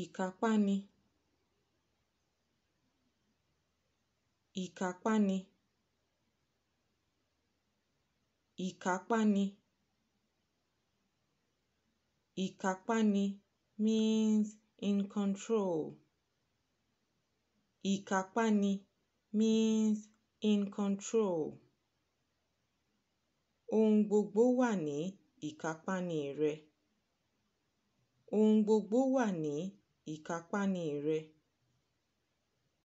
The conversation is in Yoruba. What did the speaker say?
ìkàpá ni means in control means in control ohun gbogbo wà ní Ohun gbogbo wà ní ni rẹ.